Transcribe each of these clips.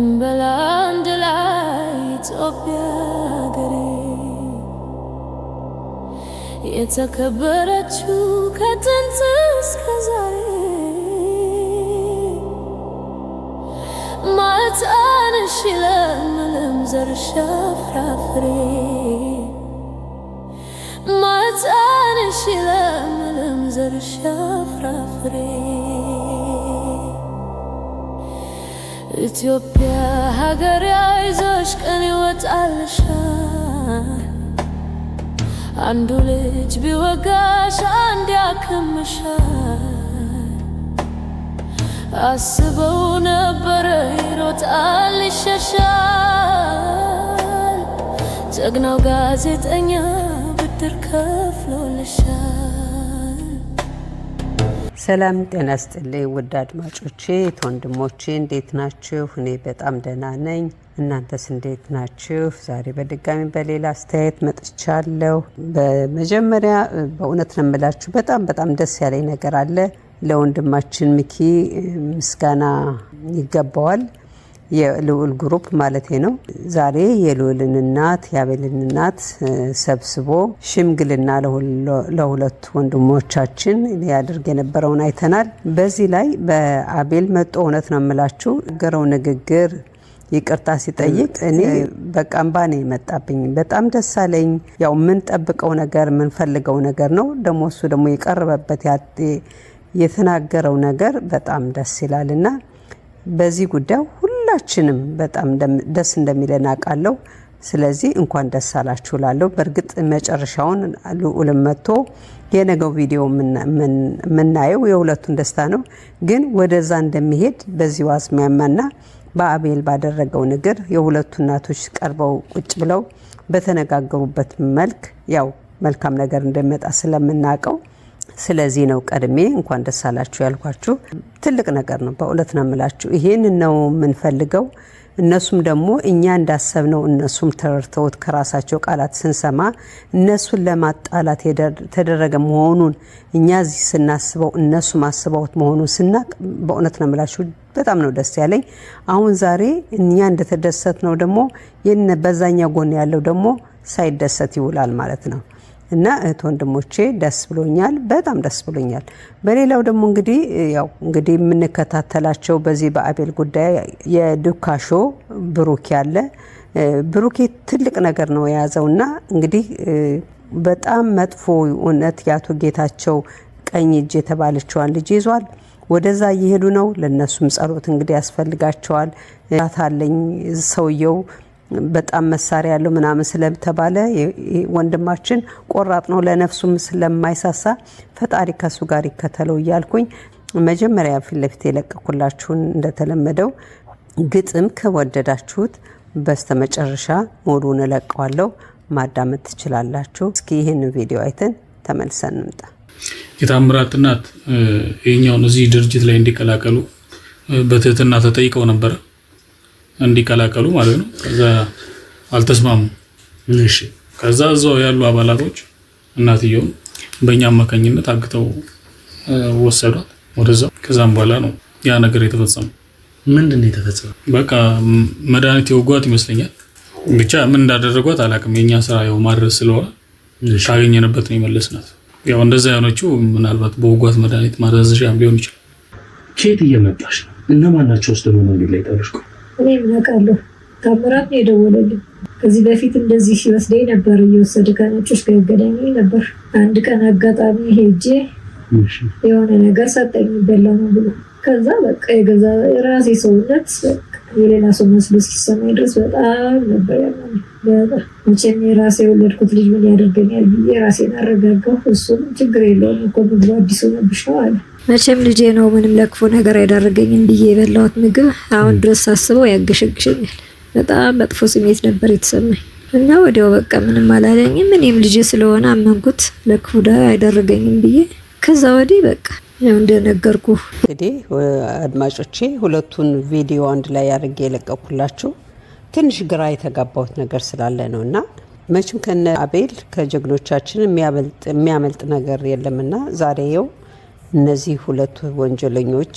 እንበል አንድ ላይ ኢትዮጵያ ሀገሬ የተከበረችው ከጥንት እስከ ዛሬ ማዕጣንሽ ለምለም ዘርሻ ፍራፍሬ ማዕጣንሽ ለምለም ዘርሻ ፍራፍሬ መሻገሪያ ይዞሽ ቀን ይወጣልሻል። አንዱ ልጅ ቢወጋሽ አንድ ያክምሻል። አስበው ነበረ ይሮጣል ይሸሻል። ጀግናው ጋዜጠኛ ብድር ከፍሎልሻል። ሰላም ጤና ስጥልኝ ውድ አድማጮቼ ወንድሞቼ እንዴት ናችሁ? እኔ በጣም ደህና ነኝ። እናንተስ እንዴት ናችሁ? ዛሬ በድጋሚ በሌላ አስተያየት መጥቻለሁ። በመጀመሪያ በእውነት ነው የምላችሁ በጣም በጣም ደስ ያለኝ ነገር አለ። ለወንድማችን ሚኪ ምስጋና ይገባዋል። የልዑል ግሩፕ ማለት ነው። ዛሬ የልዑልን እናት የአቤልን እናት ሰብስቦ ሽምግልና ለሁለቱ ወንድሞቻችን ሊያደርግ የነበረውን አይተናል። በዚህ ላይ በአቤል መጦ እውነት ነው የምላችሁ ገረው ንግግር ይቅርታ ሲጠይቅ እኔ በቃ እምባ ነው የመጣብኝ። በጣም ደስ አለኝ። ያው የምንጠብቀው ነገር የምንፈልገው ነገር ነው። ደግሞ እሱ ደግሞ የቀረበበት የተናገረው ነገር በጣም ደስ ይላል እና በዚህ ጉዳይ ሁላችንም በጣም ደስ እንደሚለን አውቃለሁ። ስለዚህ እንኳን ደስ አላችሁ እላለሁ። በእርግጥ መጨረሻውን ልዑልም መጥቶ የነገው ቪዲዮ የምናየው የሁለቱን ደስታ ነው። ግን ወደዛ እንደሚሄድ በዚሁ ዋስሚያማና በአቤል ባደረገው ንግር የሁለቱ እናቶች ቀርበው ቁጭ ብለው በተነጋገሩበት መልክ ያው መልካም ነገር እንደሚመጣ ስለምናውቀው ስለዚህ ነው ቀድሜ እንኳን ደስ አላችሁ ያልኳችሁ። ትልቅ ነገር ነው፣ በእውነት ነው የምላችሁ። ይሄን ነው የምንፈልገው። እነሱም ደግሞ እኛ እንዳሰብነው እነሱም ተረድተውት ከራሳቸው ቃላት ስንሰማ እነሱን ለማጣላት የተደረገ መሆኑን እኛ እዚህ ስናስበው እነሱም አስበውት መሆኑን ስናቅ በእውነት ነው የምላችሁ በጣም ነው ደስ ያለኝ። አሁን ዛሬ እኛ እንደተደሰት ነው ደግሞ በዛኛ ጎን ያለው ደግሞ ሳይደሰት ይውላል ማለት ነው። እና እህት ወንድሞቼ ደስ ብሎኛል፣ በጣም ደስ ብሎኛል። በሌላው ደግሞ እንግዲህ ያው እንግዲህ የምንከታተላቸው በዚህ በአቤል ጉዳይ የዱካሾ ብሩክ ያለ ብሩኬ ትልቅ ነገር ነው የያዘውና እንግዲህ በጣም መጥፎ እውነት የአቶ ጌታቸው ቀኝ እጅ የተባለችዋን ልጅ ይዟል። ወደዛ እየሄዱ ነው። ለእነሱም ጸሎት እንግዲህ ያስፈልጋቸዋል። ታታለኝ ሰውየው በጣም መሳሪያ ያለው ምናምን ስለተባለ ወንድማችን ቆራጥ ነው፣ ለነፍሱም ስለማይሳሳ ፈጣሪ ከሱ ጋር ይከተለው እያልኩኝ መጀመሪያ ፊት ለፊት የለቀኩላችሁን እንደተለመደው ግጥም ከወደዳችሁት በስተመጨረሻ ሙሉን እለቀዋለሁ፣ ማዳመጥ ትችላላችሁ። እስኪ ይህን ቪዲዮ አይተን ተመልሰን እንምጣ። የታምራት እናት ይህኛውን እዚህ ድርጅት ላይ እንዲቀላቀሉ በትህትና ተጠይቀው ነበረ። እንዲቀላቀሉ ማለት ነው። ከዛ አልተስማሙ። እሺ ከዛ እዛው ያሉ አባላቶች እናትየውን በእኛ አማካኝነት አግተው ወሰዷት ወደዛ። ከዛም በኋላ ነው ያ ነገር የተፈጸመው። ምንድን ነው የተፈጸመው? በቃ መድኃኒት የወጓት ይመስለኛል። ብቻ ምን እንዳደረጓት አላውቅም። የእኛ ስራ ያው ማድረስ ስለሆነ ካገኘንበት ነው የመለስናት። ያው እንደዛ የሆነችው ምናልባት በወጓት መድኃኒት ማደረዝሻ ሊሆን ይችላል። ኬት እየመጣሽ ነው? እነማን ናቸው ውስጥ ነው ላይ እኔ ምናቃለሁ ታምራት ነው የደወለልኝ። ከዚህ በፊት እንደዚህ ሲወስደኝ ነበር እየወሰደ ከነጮች ጋር ነበር። አንድ ቀን አጋጣሚ ሄጄ የሆነ ነገር ሰጠኝ ይበላ ነው ብሎ ከዛ በቃ የገዛ የራሴ ሰውነት የሌላ ሰው መስሎ እስኪሰማኝ ድረስ በጣም ነበር ያመመኝ። በጣም መቼም የራሴ የወለድኩት ልጅ ምን ያደርገኛል ብዬ ራሴን አረጋጋሁ። እሱም ችግር የለውም እኮ ምግቡ አዲስ ሆነብሽ ነው አለ። መቼም ልጄ ነው ምንም ለክፉ ነገር ያዳረገኝም ብዬ የበላሁት ምግብ አሁን ድረስ ሳስበው ያገሸግሸኛል። በጣም መጥፎ ስሜት ነበር የተሰማኝ እና ወዲያው በቃ ምንም አላለኝም። እኔም ልጄ ስለሆነ አመንኩት፣ ለክፉ ዳ ብዬ ከዛ ወዲህ በቃ ያው እንደነገርኩ እንግዲህ አድማጮቼ ሁለቱን ቪዲዮ አንድ ላይ አድርጌ የለቀኩላችሁ ትንሽ ግራ የተጋባሁት ነገር ስላለ ነው እና መቼም ከነ አቤል ከጀግኖቻችን የሚያመልጥ ነገር የለምና ዛሬ ው እነዚህ ሁለቱ ወንጀለኞች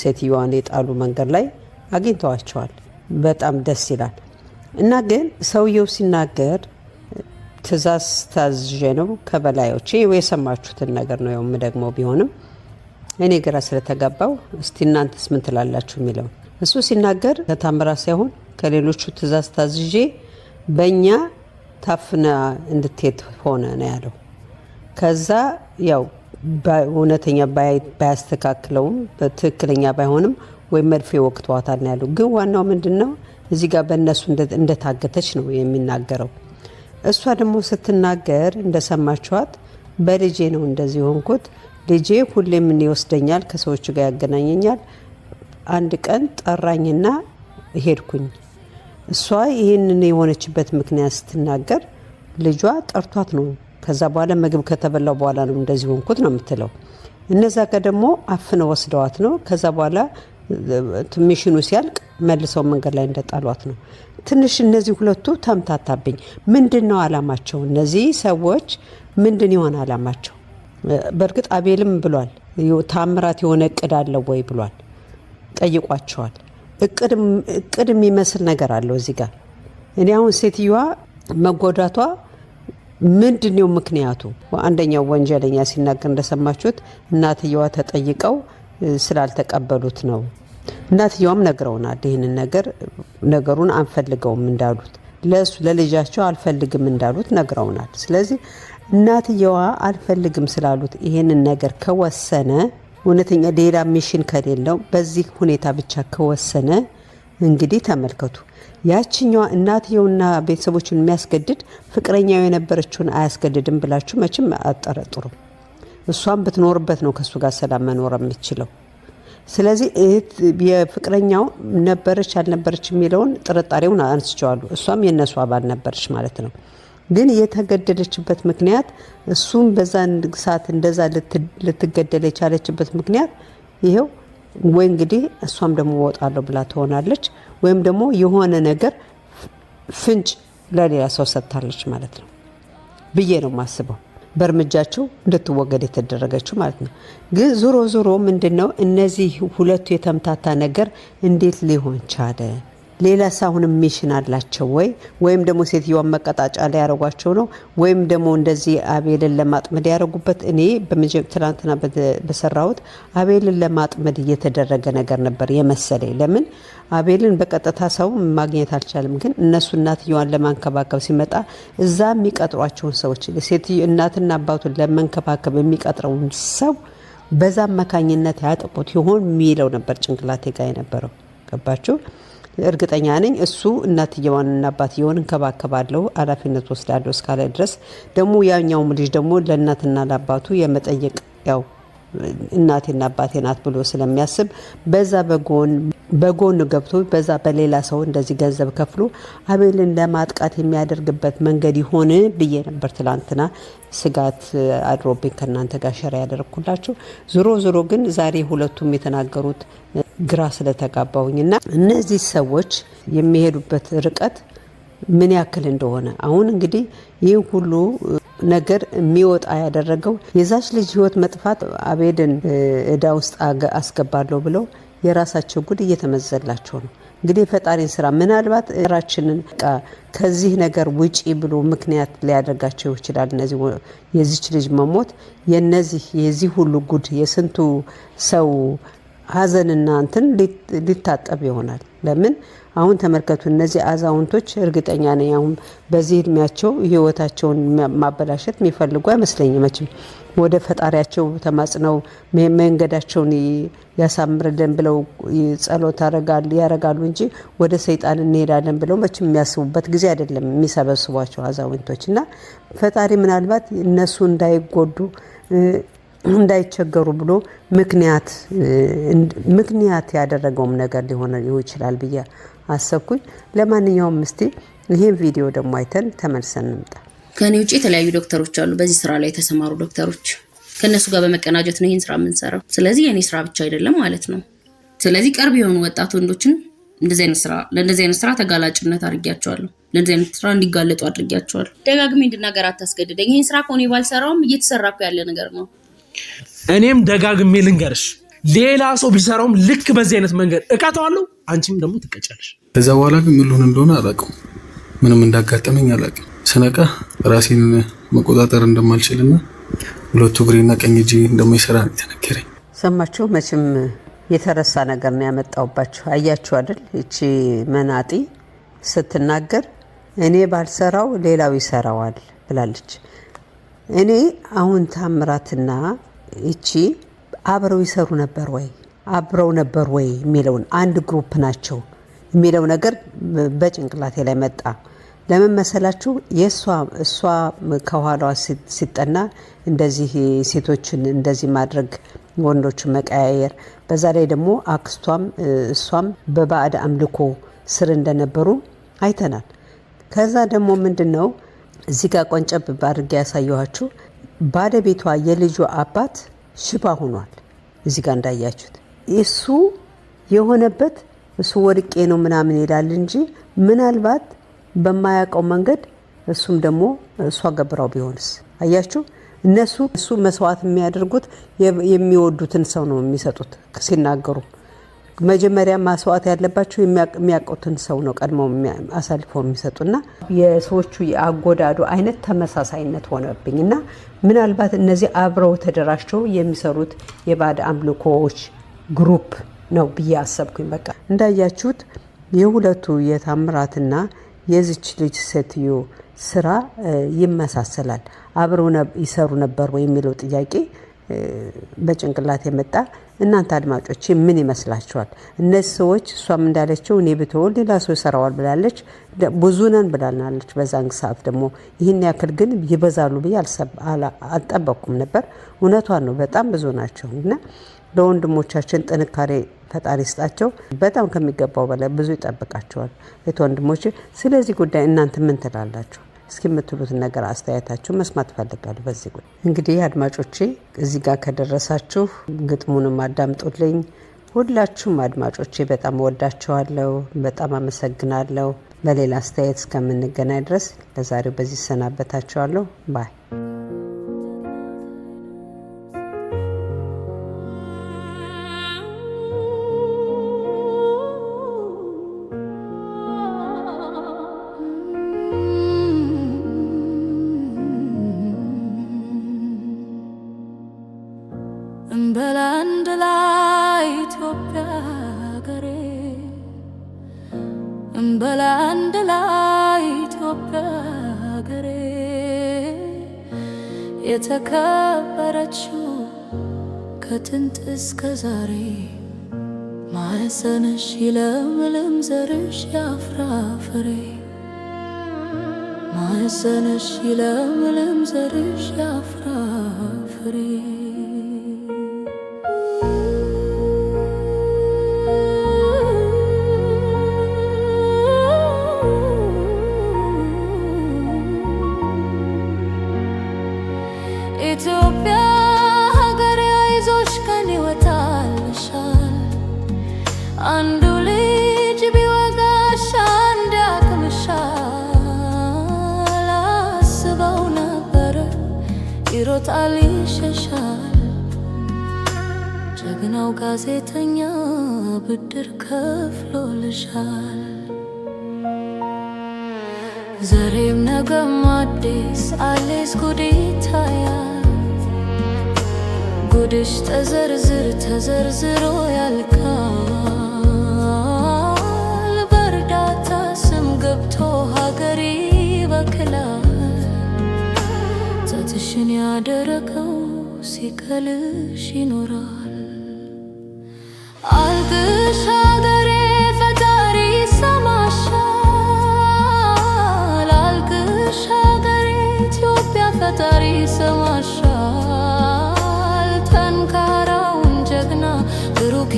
ሴትዮዋን የጣሉ መንገድ ላይ አግኝተዋቸዋል። በጣም ደስ ይላል እና ግን ሰውየው ሲናገር ትዛዝ ታዝዤ ነው ከበላዮቼ የሰማችሁትን ነገር ነው የምደግመው ቢሆንም እኔ ግራ ስለተጋባው እስቲ እናንተስ ምን ትላላችሁ የሚለው እሱ ሲናገር ከታምራ ሳይሆን ከሌሎቹ ትእዛዝ ታዝዤ በእኛ ታፍና እንድትሄድ ሆነ ነው ያለው። ከዛ ያው እውነተኛ ባያስተካክለውም ትክክለኛ ባይሆንም ወይም መድፌ ወቅቷታል ነው ያለው። ግን ዋናው ምንድን ነው እዚህ ጋር በእነሱ እንደታገተች ነው የሚናገረው። እሷ ደግሞ ስትናገር እንደሰማችኋት በልጄ ነው እንደዚህ ሆንኩት ልጄ ሁሌም እኔ ይወስደኛል፣ ከሰዎች ጋር ያገናኘኛል። አንድ ቀን ጠራኝና ሄድኩኝ። እሷ ይህንን የሆነችበት ምክንያት ስትናገር ልጇ ጠርቷት ነው። ከዛ በኋላ ምግብ ከተበላው በኋላ ነው እንደዚህ ሆንኩት ነው የምትለው። እነዛ ጋር ደግሞ አፍነው ወስደዋት ነው። ከዛ በኋላ ሚሽኑ ሲያልቅ መልሰው መንገድ ላይ እንደጣሏት ነው። ትንሽ እነዚህ ሁለቱ ተምታታብኝ። ምንድን ነው አላማቸው? እነዚህ ሰዎች ምንድን ይሆን አላማቸው? በእርግጥ አቤልም ብሏል ታምራት የሆነ እቅድ አለው ወይ ብሏል ጠይቋቸዋል። እቅድ የሚመስል ነገር አለው እዚህ ጋር። እኔ አሁን ሴትዮዋ መጎዳቷ ምንድን ነው ምክንያቱ? አንደኛው ወንጀለኛ ሲናገር እንደሰማችሁት እናትየዋ ተጠይቀው ስላልተቀበሉት ነው። እናትየዋም ነግረውናል ይህንን ነገር ነገሩን አንፈልገውም እንዳሉት ለእሱ ለልጃቸው አልፈልግም እንዳሉት ነግረውናል። ስለዚህ እናትየዋ አልፈልግም ስላሉት ይሄንን ነገር ከወሰነ እውነተኛ ሌላ ሚሽን ከሌለው በዚህ ሁኔታ ብቻ ከወሰነ እንግዲህ ተመልከቱ፣ ያችኛዋ እናትየውና ቤተሰቦችን የሚያስገድድ ፍቅረኛው የነበረችውን አያስገድድም ብላችሁ መቼም አጠረጥሩም። እሷም ብትኖርበት ነው ከእሱ ጋር ሰላም መኖር የምችለው። ስለዚህ የፍቅረኛው ነበረች አልነበረች የሚለውን ጥርጣሬውን አንስቸዋሉ። እሷም የእነሱ አባል ነበረች ማለት ነው። ግን የተገደለችበት ምክንያት እሱም በዛን ሰዓት እንደዛ ልትገደል የቻለችበት ምክንያት ይሄው ወይ እንግዲህ እሷም ደግሞ ወጣለሁ ብላ ትሆናለች፣ ወይም ደግሞ የሆነ ነገር ፍንጭ ለሌላ ሰው ሰጥታለች ማለት ነው ብዬ ነው የማስበው። በእርምጃቸው እንድትወገድ የተደረገችው ማለት ነው። ግን ዞሮ ዞሮ ምንድን ነው እነዚህ ሁለቱ የተምታታ ነገር እንዴት ሊሆን ቻለ? ሌላ ሳሁን ሚሽን አላቸው ወይ ወይም ደግሞ ሴትዮዋን መቀጣጫ ላይ ያደረጓቸው ነው ወይም ደግሞ እንደዚህ አቤልን ለማጥመድ ያደረጉበት። እኔ ትናንትና በሰራሁት አቤልን ለማጥመድ እየተደረገ ነገር ነበር የመሰለኝ። ለምን አቤልን በቀጥታ ሰው ማግኘት አልቻለም፣ ግን እነሱ እናትየዋን ለማንከባከብ ሲመጣ እዛ የሚቀጥሯቸውን ሰዎች ሴትዮ እናትና አባቱን ለመንከባከብ የሚቀጥረውን ሰው በዛ አማካኝነት ያጠቁት ይሆን የሚለው ነበር ጭንቅላቴ ጋር የነበረው። ገባችሁ? እርግጠኛ ነኝ እሱ እናትየዋንና አባትየውን እንከባከባለሁ ኃላፊነት ወስዳለሁ እስካለ ድረስ ደግሞ ያኛውም ልጅ ደግሞ ለእናትና ለአባቱ የመጠየቅ ያው እናቴና አባቴ ናት ብሎ ስለሚያስብ በዛ በጎን በጎን ገብቶ በዛ በሌላ ሰው እንደዚህ ገንዘብ ከፍሎ አቤልን ለማጥቃት የሚያደርግበት መንገድ ይሆን ብዬ ነበር ትላንትና ስጋት አድሮብኝ ከእናንተ ጋር ሸራ ያደረግኩላቸው። ዞሮ ዞሮ ግን ዛሬ ሁለቱም የተናገሩት ግራ ስለተጋባውኝ እና እነዚህ ሰዎች የሚሄዱበት ርቀት ምን ያክል እንደሆነ አሁን እንግዲህ ይህ ሁሉ ነገር የሚወጣ ያደረገው የዛች ልጅ ህይወት መጥፋት አቤድን እዳ ውስጥ አስገባለሁ ብለው የራሳቸው ጉድ እየተመዘላቸው ነው። እንግዲህ የፈጣሪን ስራ ምናልባት ራችንን ከዚህ ነገር ውጪ ብሎ ምክንያት ሊያደርጋቸው ይችላል። እነዚህ የዚች ልጅ መሞት የነዚህ የዚህ ሁሉ ጉድ የስንቱ ሰው ሀዘንና እንትን ሊታጠብ ይሆናል። ለምን አሁን ተመልከቱ፣ እነዚህ አዛውንቶች እርግጠኛ ነኝ አሁን በዚህ እድሜያቸው ህይወታቸውን ማበላሸት የሚፈልጉ አይመስለኝም። መቼም ወደ ፈጣሪያቸው ተማጽነው መንገዳቸውን ያሳምርልን ብለው ጸሎት ያረጋሉ እንጂ ወደ ሰይጣን እንሄዳለን ብለው መቼም የሚያስቡበት ጊዜ አይደለም የሚሰበስቧቸው አዛውንቶች እና ፈጣሪ ምናልባት እነሱ እንዳይጎዱ እንዳይቸገሩ ብሎ ምክንያት ምክንያት ያደረገውም ነገር ሊሆን ይችላል ብዬ አሰብኩኝ። ለማንኛውም እስቲ ይህን ቪዲዮ ደግሞ አይተን ተመልሰን እንምጣ። ከእኔ ውጭ የተለያዩ ዶክተሮች አሉ፣ በዚህ ስራ ላይ የተሰማሩ ዶክተሮች። ከእነሱ ጋር በመቀናጀት ነው ይህን ስራ የምንሰራው። ስለዚህ የእኔ ስራ ብቻ አይደለም ማለት ነው። ስለዚህ ቅርብ የሆኑ ወጣት ወንዶችን እንደዚህ አይነት ስራ ለእንደዚህ አይነት ስራ ተጋላጭነት አድርጊያቸዋለሁ። ለእንደዚህ አይነት ስራ እንዲጋለጡ አድርጊያቸዋለሁ። ደጋግሜ እንድናገር አታስገድደኝ። ይህን ስራ ከሆነ ባልሰራውም እየተሰራኩ ያለ ነገር ነው። እኔም ደጋግሜ ልንገርሽ፣ ሌላ ሰው ቢሰራውም ልክ በዚህ አይነት መንገድ እቀተዋለሁ፣ አንቺም ደግሞ ትቀጫለሽ። ከዛ በኋላ ግን ምን ልሆን እንደሆነ አላውቅም። ምንም እንዳጋጠመኝ አላውቅም። ስነቃ ራሴን መቆጣጠር እንደማልችልና ሁለቱ እግሬና ቀኝ እጄ እንደማይሰራ ነው ሰማችሁ? መቼም የተረሳ ነገር ነው ያመጣውባችሁ። አያችሁ አይደል? እቺ መናጢ ስትናገር እኔ ባልሰራው ሌላው ይሰራዋል ብላለች። እኔ አሁን ታምራትና እቺ አብረው ይሰሩ ነበር ወይ አብረው ነበር ወይ የሚለውን አንድ ግሩፕ ናቸው የሚለው ነገር በጭንቅላቴ ላይ መጣ። ለምን መሰላችሁ? የእሷ እሷ ከኋላዋ ሲጠና እንደዚህ ሴቶችን እንደዚህ ማድረግ፣ ወንዶችን መቀያየር፣ በዛ ላይ ደግሞ አክስቷም እሷም በባዕድ አምልኮ ስር እንደነበሩ አይተናል። ከዛ ደግሞ ምንድን ነው እዚህ ጋር ቆንጨብ አድርጌ ያሳየኋችሁ ባለቤቷ የልጁ አባት ሽባ ሆኗል። እዚህ ጋር እንዳያችሁት እሱ የሆነበት እሱ ወድቄ ነው ምናምን ይላል እንጂ ምናልባት በማያውቀው መንገድ እሱም ደግሞ እሷ ገብራው ቢሆንስ? አያችሁ፣ እነሱ እሱ መስዋዕት የሚያደርጉት የሚወዱትን ሰው ነው የሚሰጡት ሲናገሩ መጀመሪያ ማስዋዕት ያለባቸው የሚያውቁትን ሰው ነው ቀድሞ አሳልፈው የሚሰጡና የሰዎቹ የአጎዳዱ አይነት ተመሳሳይነት ሆነብኝ እና ምናልባት እነዚህ አብረው ተደራጅተው የሚሰሩት የባዕድ አምልኮዎች ግሩፕ ነው ብዬ አሰብኩኝ። በቃ እንዳያችሁት የሁለቱ የታምራትና የዚች ልጅ ሴትዮ ስራ ይመሳሰላል። አብረው ይሰሩ ነበር ወይ የሚለው ጥያቄ በጭንቅላት የመጣ እናንተ አድማጮች ምን ይመስላችኋል? እነዚህ ሰዎች እሷም እንዳለችው እኔ ብትሆን ሌላ ሰው ይሰራዋል ብላለች። ብዙ ነን ብላናለች። በዛን ሰዓት ደግሞ ይህን ያክል ግን ይበዛሉ ብዬ አልጠበቅኩም ነበር። እውነቷን ነው፣ በጣም ብዙ ናቸው እና ለወንድሞቻችን ጥንካሬ ፈጣሪ ስጣቸው። በጣም ከሚገባው በላይ ብዙ ይጠብቃቸዋል። ቤት ወንድሞች፣ ስለዚህ ጉዳይ እናንተ ምን ትላላችሁ? እስኪ የምትሉትን ነገር አስተያየታችሁ መስማት ፈልጋለሁ። በዚህ ጉ እንግዲህ አድማጮቼ እዚህ ጋር ከደረሳችሁ ግጥሙንም አዳምጡልኝ። ሁላችሁም አድማጮቼ በጣም ወዳችኋለሁ፣ በጣም አመሰግናለሁ። በሌላ አስተያየት እስከምንገናኝ ድረስ ለዛሬው በዚህ ሰናበታችኋለሁ ባይ የከበረችው ከጥንት እስከ ዛሬ ማዕፀንሽ ይለምልም ዘርሽ ያፍራ ፍሬ ይለምልም ዘርሽ ያፍራ ይሮጣል ይሸሻል ጀግናው ጋዜጠኛ ብድር ከፍሎልሻል። ዛሬም ነገም አዲስ አዲስ ጉድ ይታያል። ጉድሽ ተዘርዝር ተዘርዝሮ ያልካል ልብሽን ያደረገው ሲከልሽ ይኖራል። አልቅሽ አገሬ ፈጣሪ ኢትዮጵያ ፈጣሪ ይሰማሻል። ጠንካራውን ጀግና ብሩክ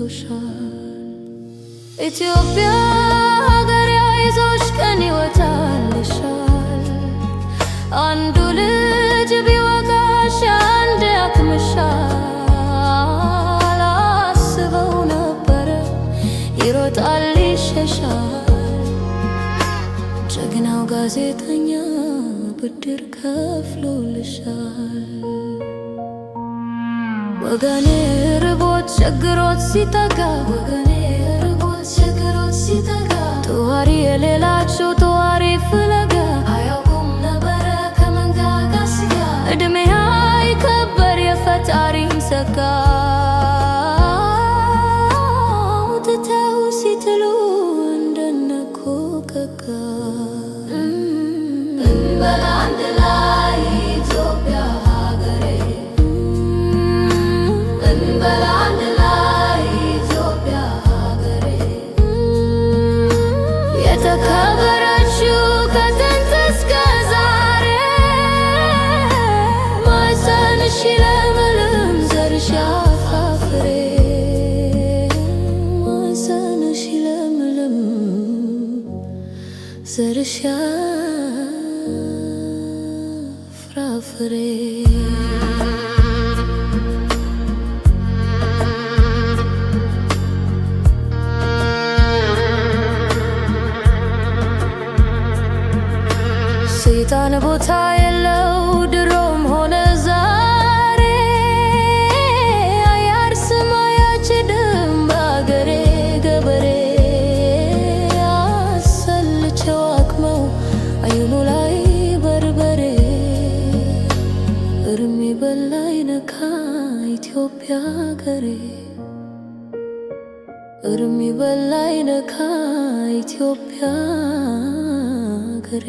ሰጥቶሻል። ኢትዮጵያ ሀገር ያይዞሽ ቀን ይወጣልሻል። አንዱ ልጅ ቢወጋሽ አንድ ያክምሻል። አስበው ነበረ ይሮጣል ይሸሻል። ጀግናው ጋዜጠኛ ብድር ከፍሎልሻል። ወገኔ ርቦት ቸግሮት ሲተጋ ወገኔ ርቦት ቸግሮት ሲተጋ ተዋሪ የሌላቸው frafre শীতল বোঝায় ኢትዮጵያ ሀገሬ